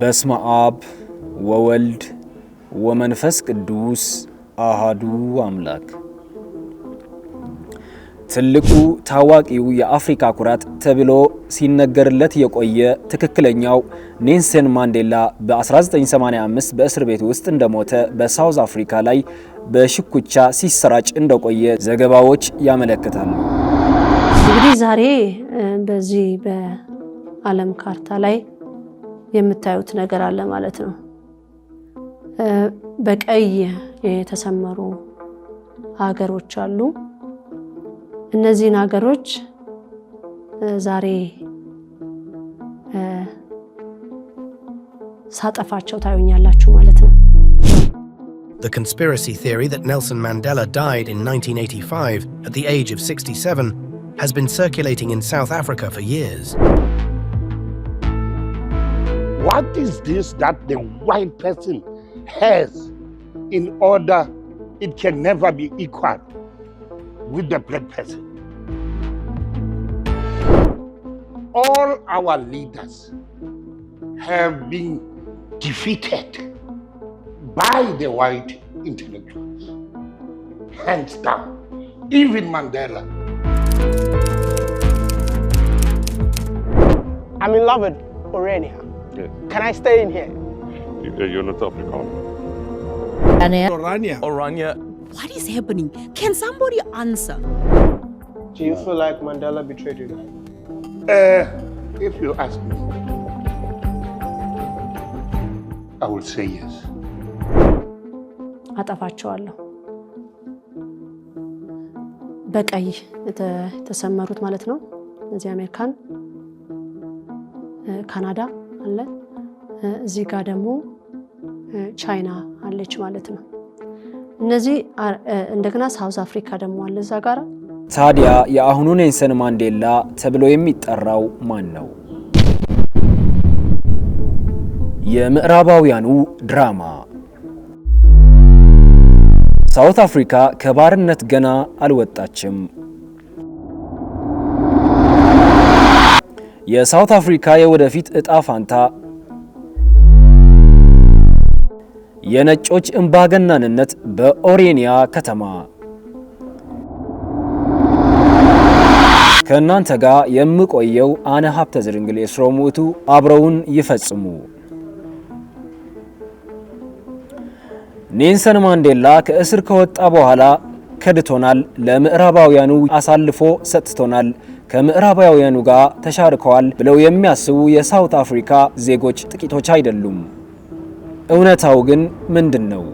በስመ አብ ወወልድ ወመንፈስ ቅዱስ አሃዱ አምላክ። ትልቁ ታዋቂው የአፍሪካ ኩራት ተብሎ ሲነገርለት የቆየ ትክክለኛው ኔልሰን ማንዴላ በ1985 በእስር ቤት ውስጥ እንደሞተ በሳውዝ አፍሪካ ላይ በሽኩቻ ሲሰራጭ እንደቆየ ዘገባዎች ያመለክታሉ። እንግዲህ ዛሬ በዚህ በዓለም ካርታ ላይ የምታዩት ነገር አለ ማለት ነው። በቀይ የተሰመሩ ሀገሮች አሉ። እነዚህን ሀገሮች ዛሬ ሳጠፋቸው ታዩኛላችሁ ማለት ነው። The conspiracy theory that Nelson Mandela died in 1985 at the age of 67 has been circulating in South Africa for years. What is this that the white person has in order it can never be equal with the black person? All our leaders have been defeated by the white intellectuals, hands down, even Mandela. I'm in love with Orania. here. Can I stay in here? You're not African. Orania. Orania. What is happening? Can somebody answer? Do you feel like Mandela betrayed you? Uh, if you ask me, I will say yes. አጠፋቸዋለሁ በቀይ የተሰመሩት ማለት ነው እዚህ አሜሪካን ካናዳ አለ። እዚህ ጋር ደግሞ ቻይና አለች ማለት ነው። እነዚህ እንደገና ሳውዝ አፍሪካ ደግሞ አለ እዛ ጋር። ታዲያ የአሁኑ ኔልሰን ማንዴላ ተብሎ የሚጠራው ማን ነው? የምዕራባውያኑ ድራማ ሳውት አፍሪካ ከባርነት ገና አልወጣችም። የሳውት አፍሪካ የወደፊት እጣ ፋንታ የነጮች እምባገናንነት በኦሬኒያ ከተማ ከእናንተ ጋር የምቆየው አነ ሀብተ ዝርንግል የስሮ አብረውን ይፈጽሙ። ኔልሰን ማንዴላ ከእስር ከወጣ በኋላ ከድቶናል፣ ለምዕራባውያኑ አሳልፎ ሰጥቶናል ከምዕራባውያኑ ጋር ተሻርከዋል ብለው የሚያስቡ የሳውት አፍሪካ ዜጎች ጥቂቶች አይደሉም። እውነታው ግን ምንድን ነው?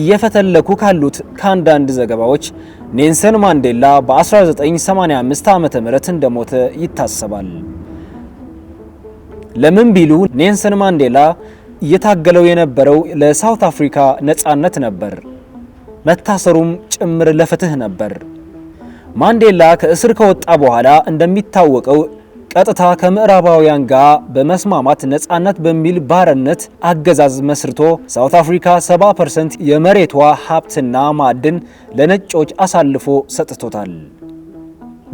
እየፈተለኩ ካሉት ከአንዳንድ ዘገባዎች ኔልሰን ማንዴላ በ1985 ም እንደሞተ ይታሰባል። ለምን ቢሉ ኔልሰን ማንዴላ እየታገለው የነበረው ለሳውት አፍሪካ ነፃነት ነበር፣ መታሰሩም ጭምር ለፍትህ ነበር። ማንዴላ ከእስር ከወጣ በኋላ እንደሚታወቀው ቀጥታ ከምዕራባውያን ጋር በመስማማት ነጻነት በሚል ባርነት አገዛዝ መስርቶ ሳውት አፍሪካ 70% የመሬቷ ሀብትና ማዕድን ለነጮች አሳልፎ ሰጥቶታል።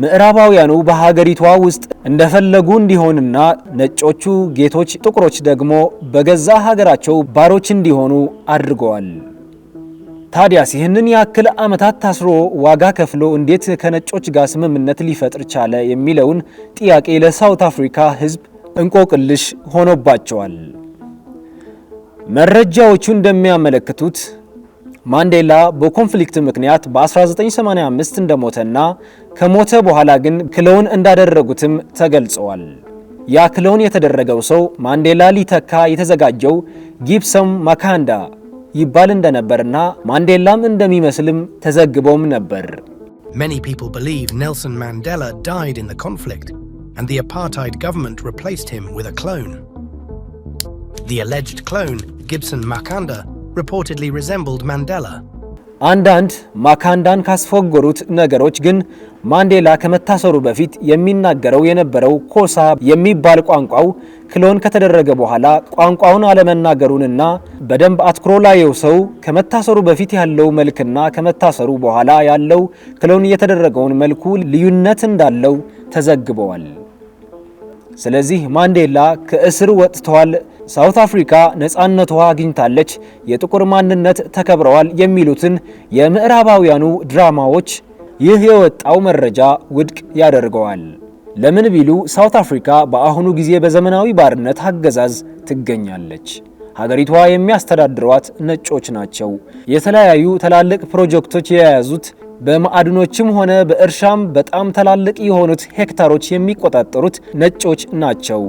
ምዕራባውያኑ በሀገሪቷ ውስጥ እንደፈለጉ እንዲሆንና ነጮቹ ጌቶች፣ ጥቁሮች ደግሞ በገዛ ሀገራቸው ባሮች እንዲሆኑ አድርገዋል። ታዲያስ ይህንን ያክል ዓመታት ታስሮ ዋጋ ከፍሎ እንዴት ከነጮች ጋር ስምምነት ሊፈጥር ቻለ የሚለውን ጥያቄ ለሳውት አፍሪካ ሕዝብ እንቆቅልሽ ሆኖባቸዋል። መረጃዎቹ እንደሚያመለክቱት ማንዴላ በኮንፍሊክት ምክንያት በ1985 እንደሞተና ከሞተ በኋላ ግን ክለውን እንዳደረጉትም ተገልጸዋል። ያ የተደረገው ሰው ማንዴላ ሊተካ የተዘጋጀው ጊብሰም ማካንዳ ይባል እንደነበርና ማንዴላም እንደሚመስልም ተዘግቦም ነበር። Many people believe Nelson Mandela died in the conflict and the apartheid government replaced him with a clone. The alleged clone, Gibson Makanda, reportedly resembled Mandela. አንዳንድ ማካንዳን ካስፎገሩት ነገሮች ግን ማንዴላ ከመታሰሩ በፊት የሚናገረው የነበረው ኮሳ የሚባል ቋንቋው ክሎን ከተደረገ በኋላ ቋንቋውን አለመናገሩንና በደንብ አትኩሮ ላየው ሰው ከመታሰሩ በፊት ያለው መልክና ከመታሰሩ በኋላ ያለው ክሎን የተደረገውን መልኩ ልዩነት እንዳለው ተዘግበዋል። ስለዚህ ማንዴላ ከእስር ወጥተዋል ሳውት አፍሪካ ነጻነቷ አግኝታለች፣ የጥቁር ማንነት ተከብረዋል የሚሉትን የምዕራባውያኑ ድራማዎች ይህ የወጣው መረጃ ውድቅ ያደርገዋል። ለምን ቢሉ ሳውት አፍሪካ በአሁኑ ጊዜ በዘመናዊ ባርነት አገዛዝ ትገኛለች። ሀገሪቷ የሚያስተዳድሯት ነጮች ናቸው። የተለያዩ ትላልቅ ፕሮጀክቶች የያዙት በማዕድኖችም ሆነ በእርሻም በጣም ትላልቅ የሆኑት ሄክታሮች የሚቆጣጠሩት ነጮች ናቸው።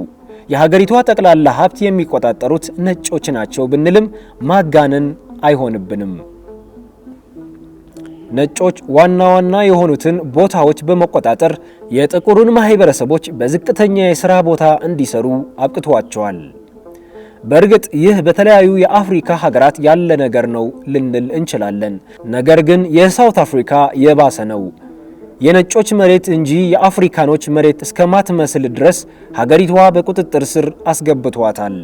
የሀገሪቷ ጠቅላላ ሀብት የሚቆጣጠሩት ነጮች ናቸው ብንልም ማጋነን አይሆንብንም። ነጮች ዋና ዋና የሆኑትን ቦታዎች በመቆጣጠር የጥቁሩን ማህበረሰቦች በዝቅተኛ የሥራ ቦታ እንዲሰሩ አብቅቷቸዋል። በእርግጥ ይህ በተለያዩ የአፍሪካ ሀገራት ያለ ነገር ነው ልንል እንችላለን። ነገር ግን የሳውት አፍሪካ የባሰ ነው። የነጮች መሬት እንጂ የአፍሪካኖች መሬት እስከማትመስል ድረስ ሀገሪቷ በቁጥጥር ስር አስገብቷታል።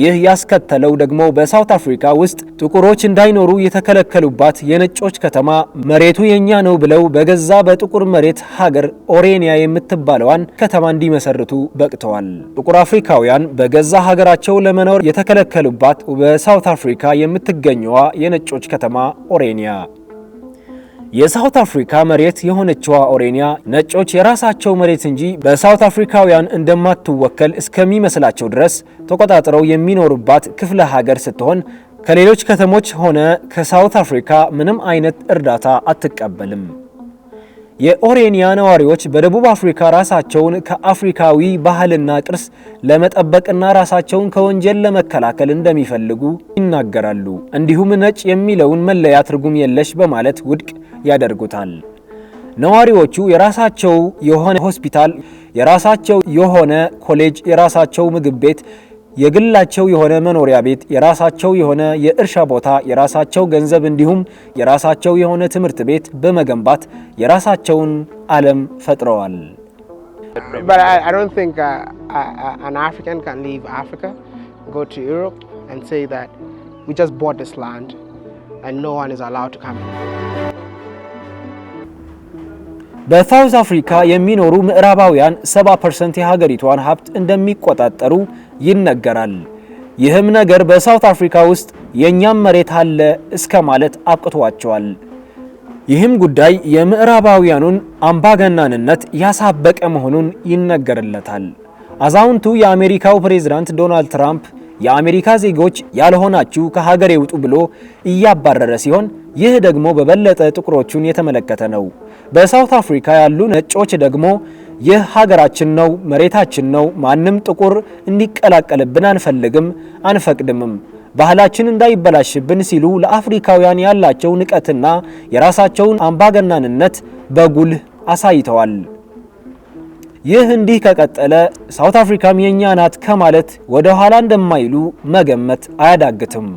ይህ ያስከተለው ደግሞ በሳውት አፍሪካ ውስጥ ጥቁሮች እንዳይኖሩ የተከለከሉባት የነጮች ከተማ መሬቱ የኛ ነው ብለው በገዛ በጥቁር መሬት ሀገር ኦሬኒያ የምትባለዋን ከተማ እንዲመሰርቱ በቅተዋል። ጥቁር አፍሪካውያን በገዛ ሀገራቸው ለመኖር የተከለከሉባት በሳውት አፍሪካ የምትገኘዋ የነጮች ከተማ ኦሬኒያ። የሳውት አፍሪካ መሬት የሆነችዋ ኦሬኒያ ነጮች የራሳቸው መሬት እንጂ በሳውት አፍሪካውያን እንደማትወከል እስከሚመስላቸው ድረስ ተቆጣጥረው የሚኖሩባት ክፍለ ሀገር ስትሆን ከሌሎች ከተሞች ሆነ ከሳውት አፍሪካ ምንም አይነት እርዳታ አትቀበልም። የኦሬኒያ ነዋሪዎች በደቡብ አፍሪካ ራሳቸውን ከአፍሪካዊ ባህልና ቅርስ ለመጠበቅና ራሳቸውን ከወንጀል ለመከላከል እንደሚፈልጉ ይናገራሉ። እንዲሁም ነጭ የሚለውን መለያ ትርጉም የለሽ በማለት ውድቅ ያደርጉታል። ነዋሪዎቹ የራሳቸው የሆነ ሆስፒታል፣ የራሳቸው የሆነ ኮሌጅ፣ የራሳቸው ምግብ ቤት፣ የግላቸው የሆነ መኖሪያ ቤት፣ የራሳቸው የሆነ የእርሻ ቦታ፣ የራሳቸው ገንዘብ እንዲሁም የራሳቸው የሆነ ትምህርት ቤት በመገንባት የራሳቸውን ዓለም ፈጥረዋል። በሳውዝ አፍሪካ የሚኖሩ ምዕራባውያን 70% የሀገሪቷን ሀብት እንደሚቆጣጠሩ ይነገራል። ይህም ነገር በሳውት አፍሪካ ውስጥ የእኛም መሬት አለ እስከ ማለት አብቅቷቸዋል። ይህም ጉዳይ የምዕራባውያኑን አምባገናንነት ያሳበቀ መሆኑን ይነገርለታል። አዛውንቱ የአሜሪካው ፕሬዝዳንት ዶናልድ ትራምፕ የአሜሪካ ዜጎች ያልሆናችሁ ከሀገር ይውጡ ብሎ እያባረረ ሲሆን ይህ ደግሞ በበለጠ ጥቁሮቹን የተመለከተ ነው። በሳውት አፍሪካ ያሉ ነጮች ደግሞ ይህ ሀገራችን ነው፣ መሬታችን ነው፣ ማንም ጥቁር እንዲቀላቀልብን አንፈልግም፣ አንፈቅድምም ባህላችን እንዳይበላሽብን ሲሉ ለአፍሪካውያን ያላቸው ንቀትና የራሳቸውን አምባገናንነት በጉልህ አሳይተዋል። ይህ እንዲህ ከቀጠለ ሳውት አፍሪካም የእኛ ናት ከማለት ወደ ኋላ እንደማይሉ መገመት አያዳግትም።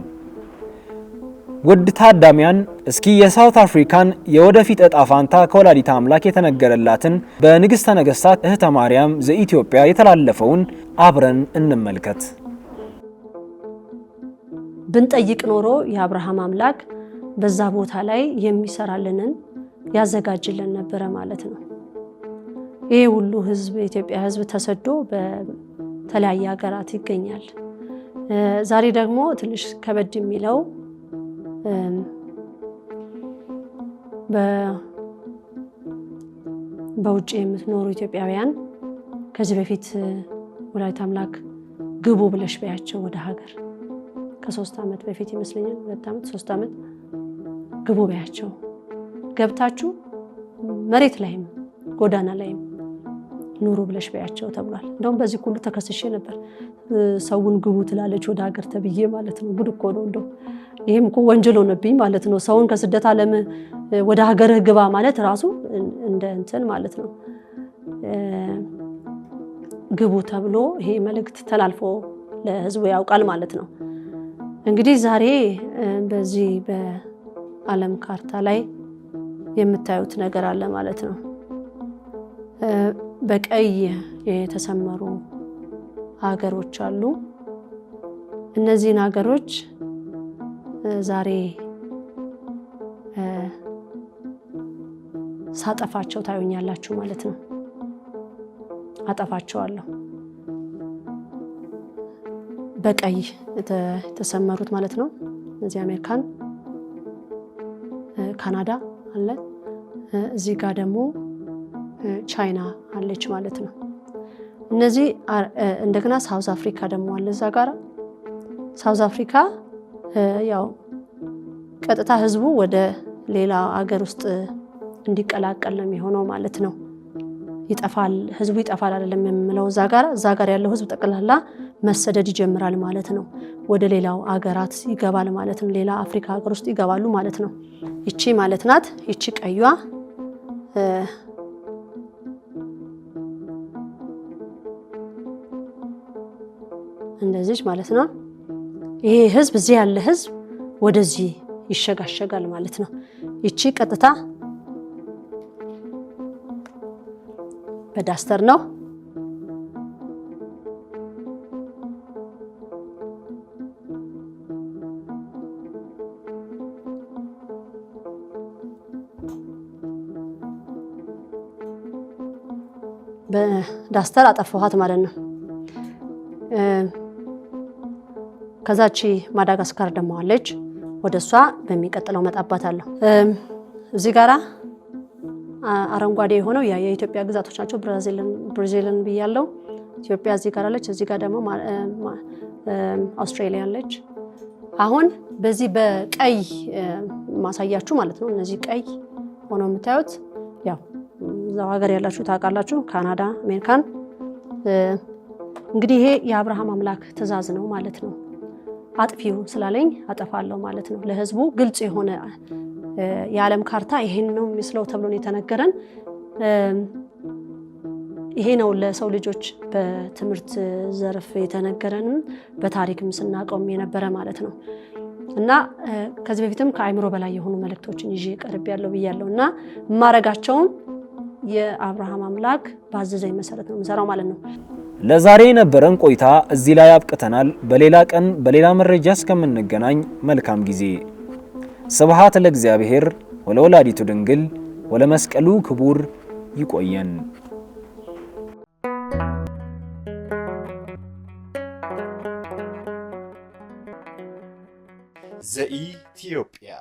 ውድ ታዳሚያን እስኪ የሳውት አፍሪካን የወደፊት እጣ ፋንታ ከወላዲተ አምላክ የተነገረላትን በንግሥተ ነገሥታት እህተ ማርያም ዘኢትዮጵያ የተላለፈውን አብረን እንመልከት። ብንጠይቅ ኖሮ የአብርሃም አምላክ በዛ ቦታ ላይ የሚሰራልንን ያዘጋጅልን ነበረ ማለት ነው። ይሄ ሁሉ ህዝብ የኢትዮጵያ ህዝብ ተሰዶ በተለያየ ሀገራት ይገኛል። ዛሬ ደግሞ ትንሽ ከበድ የሚለው በውጭ የምትኖሩ ኢትዮጵያውያን ከዚህ በፊት ወላዲተ አምላክ ግቡ ብለሽ በያቸው ወደ ሀገር ከሶስት ዓመት በፊት ይመስለኛል፣ ሁለት ዓመት ሶስት ዓመት ግቡ በያቸው ገብታችሁ መሬት ላይም ጎዳና ላይም ኑሩ ብለሽ በያቸው ተብሏል። እንደውም በዚህ ሁሉ ተከስሼ ነበር። ሰውን ግቡ ትላለች ወደ ሀገር ተብዬ ማለት ነው። ጉድ እኮ ነው እንደው ይህም እኮ ወንጀል ሆነብኝ ማለት ነው። ሰውን ከስደት ዓለም ወደ ሀገርህ ግባ ማለት ራሱ እንደ እንትን ማለት ነው። ግቡ ተብሎ ይሄ መልእክት ተላልፎ ለህዝቡ ያውቃል ማለት ነው። እንግዲህ ዛሬ በዚህ በዓለም ካርታ ላይ የምታዩት ነገር አለ ማለት ነው። በቀይ የተሰመሩ ሀገሮች አሉ። እነዚህን ሀገሮች ዛሬ ሳጠፋቸው ታዩኛላችሁ ማለት ነው። አጠፋቸዋለሁ በቀይ የተሰመሩት ማለት ነው። እዚህ አሜሪካን፣ ካናዳ አለ። እዚህ ጋር ደግሞ ቻይና አለች ማለት ነው። እነዚህ እንደገና ሳውዝ አፍሪካ ደግሞ አለ እዛ ጋር ሳውዝ አፍሪካ ያው ቀጥታ ህዝቡ ወደ ሌላ አገር ውስጥ እንዲቀላቀል ነው የሚሆነው ማለት ነው። ይጠፋል ህዝቡ ይጠፋል አይደለም የምለው እዛ ጋር እዛ ጋር ያለው ህዝብ ጠቅላላ መሰደድ ይጀምራል ማለት ነው። ወደ ሌላው አገራት ይገባል ማለት ነው። ሌላ አፍሪካ ሀገር ውስጥ ይገባሉ ማለት ነው። ይቺ ማለት ናት ይቺ ቀዩዋ እንደዚህ ማለት ነው። ይሄ ህዝብ እዚህ ያለ ህዝብ ወደዚህ ይሸጋሸጋል ማለት ነው። ይቺ ቀጥታ በዳስተር ነው በዳስተር አጠፋኋት ማለት ነው። ከዛቺ ማዳጋስካር ደሞ አለች። ወደ እሷ በሚቀጥለው መጣባታለሁ። እዚህ ጋራ አረንጓዴ የሆነው የኢትዮጵያ ግዛቶች ናቸው። ብራዚልን ብያለው። ኢትዮጵያ እዚህ ጋር አለች። እዚህ ጋር ደግሞ አውስትራሊያ አለች። አሁን በዚህ በቀይ ማሳያችሁ ማለት ነው። እነዚህ ቀይ ሆነው የምታዩት ያው እዛው ሀገር ያላችሁ ታውቃላችሁ። ካናዳ፣ አሜሪካን እንግዲህ ይሄ የአብርሃም አምላክ ትእዛዝ ነው ማለት ነው። አጥፊው ስላለኝ አጠፋለሁ ማለት ነው። ለህዝቡ ግልጽ የሆነ የዓለም ካርታ ይሄን ነው የሚመስለው ተብሎ ነው የተነገረን። ይሄ ነው ለሰው ልጆች በትምህርት ዘርፍ የተነገረንም በታሪክም ስናቀውም የነበረ ማለት ነው እና ከዚህ በፊትም ከአእምሮ በላይ የሆኑ መልእክቶችን ይዤ ቀርብ ያለው ብያለው እና ማረጋቸውም የአብርሃም አምላክ በአዘዘኝ መሰረት ነው የምሰራው ማለት ነው። ለዛሬ የነበረን ቆይታ እዚህ ላይ አብቅተናል። በሌላ ቀን በሌላ መረጃ እስከምንገናኝ መልካም ጊዜ። ስብሐት ለእግዚአብሔር ወለወላዲቱ ድንግል ወለመስቀሉ ክቡር። ይቆየን። ዘኢትዮጵያ